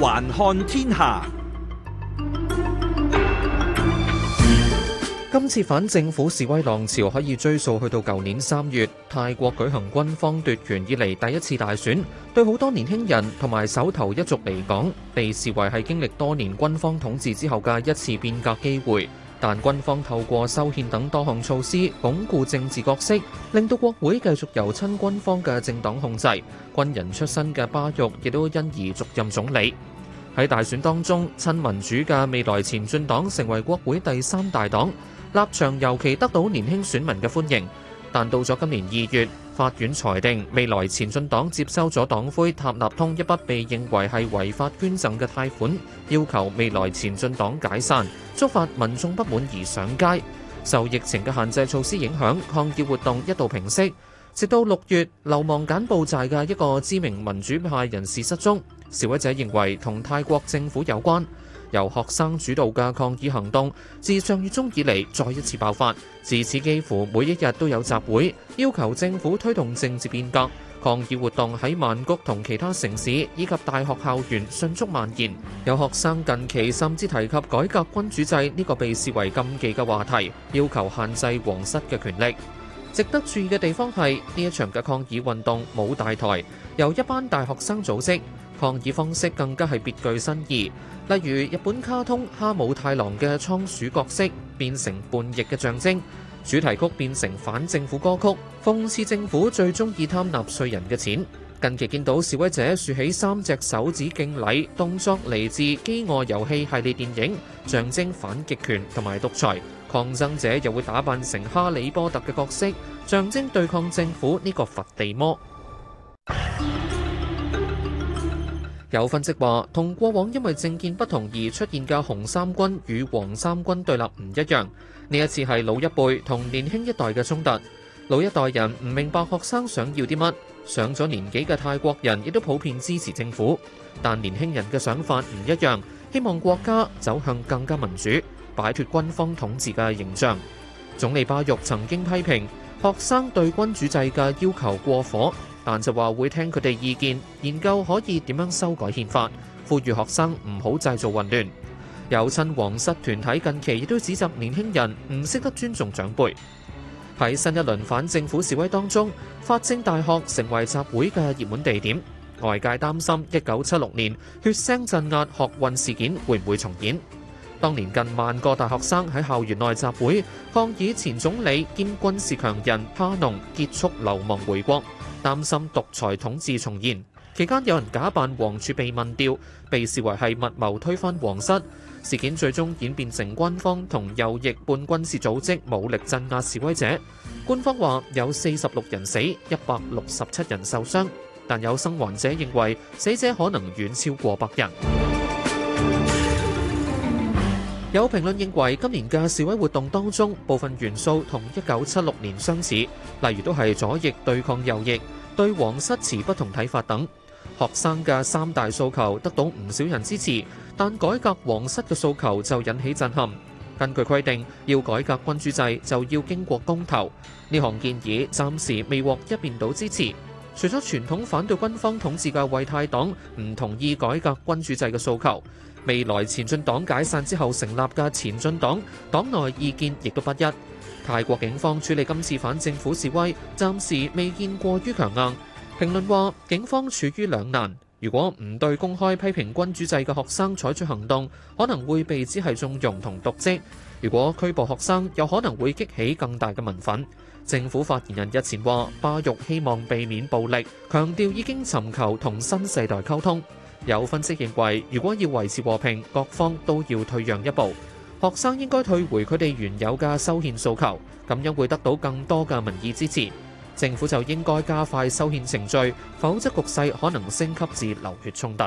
環看天下，今次反政府示威浪潮可以追溯去到舊年三月，泰國舉行軍方奪權以嚟第一次大選，對好多年輕人同埋手頭一族嚟講，被視為係經歷多年軍方統治之後嘅一次變革機會。但軍方透過修憲等多項措施鞏固政治角色，令到國會繼續由親軍方嘅政黨控制。軍人出身嘅巴育亦都因而續任總理。喺大選當中，親民主嘅未來前進黨成為國會第三大黨，立場尤其得到年輕選民嘅歡迎。但到咗今年二月，法院裁定未來前進黨接收咗黨魁塔納通一筆被認為係違法捐贈嘅貸款，要求未來前進黨解散，觸發民眾不滿而上街。受疫情嘅限制措施影響，抗議活動一度平息。直到六月，流亡柬埔寨嘅一個知名民主派人士失蹤，示威者認為同泰國政府有關，由學生主導嘅抗議行動自上月中以嚟再一次爆發，自此幾乎每一日都有集會，要求政府推動政治變革。抗議活動喺曼谷同其他城市以及大學校園迅速蔓延，有學生近期甚至提及改革君主制呢個被視為禁忌嘅話題，要求限制皇室嘅權力。值得注意嘅地方，係呢一場嘅抗議運動冇大台，由一班大學生組織，抗議方式更加係別具新意。例如日本卡通哈姆太郎嘅倉鼠角色變成叛逆嘅象徵，主題曲變成反政府歌曲，諷刺政府最中意貪納稅人嘅錢。近期見到示威者豎起三隻手指敬禮，動作嚟自《饑餓遊戲》系列電影，象徵反極權同埋獨裁。抗爭者又會打扮成《哈利波特》嘅角色，象徵對抗政府呢個佛地魔。有分析話，同過往因為政見不同而出現嘅紅衫軍與黃衫軍對立唔一樣，呢一次係老一輩同年輕一代嘅衝突。老一代人唔明白學生想要啲乜，上咗年紀嘅泰國人亦都普遍支持政府，但年輕人嘅想法唔一樣，希望國家走向更加民主，擺脱軍方統治嘅形象。總理巴育曾經批評學生對君主制嘅要求過火，但就話會聽佢哋意見，研究可以點樣修改憲法，呼籲學生唔好製造混亂。有親王室團體近期亦都指責年輕人唔識得尊重長輩。喺新一輪反政府示威當中，法政大學成為集會嘅熱門地點。外界擔心一九七六年血腥鎮壓學運事件會唔會重演？當年近萬個大學生喺校園內集會，抗議前總理兼軍事強人哈農結束流亡回國，擔心獨裁統治重現。期間有人假扮皇儲被問吊，被視為係密謀推翻皇室。事件最終演變成軍方同右翼半軍事組織武力鎮壓示威者。官方話有四十六人死，一百六十七人受傷，但有生還者認為死者可能遠超過百人。有評論認為今年嘅示威活動當中，部分元素同一九七六年相似，例如都係左翼對抗右翼，對皇室持不同睇法等。學生嘅三大訴求得到唔少人支持，但改革皇室嘅訴求就引起震撼。根據規定要改革君主制就要經過公投，呢項建議暫時未獲一面倒支持。除咗傳統反對軍方統治嘅維泰黨唔同意改革君主制嘅訴求，未來前進黨解散之後成立嘅前進黨黨內意見亦都不一。泰國警方處理今次反政府示威暫時未見過於強硬。評論話，警方處於兩難：如果唔對公開批評君主制嘅學生採取行動，可能會被指係縱容同瀆職；如果拘捕學生，又可能會激起更大嘅民憤。政府發言人日前話，巴育希望避免暴力，強調已經尋求同新世代溝通。有分析認為，如果要維持和平，各方都要退讓一步。學生應該退回佢哋原有嘅修憲訴求，咁樣會得到更多嘅民意支持。政府就應該加快修憲程序，否則局勢可能升級至流血衝突。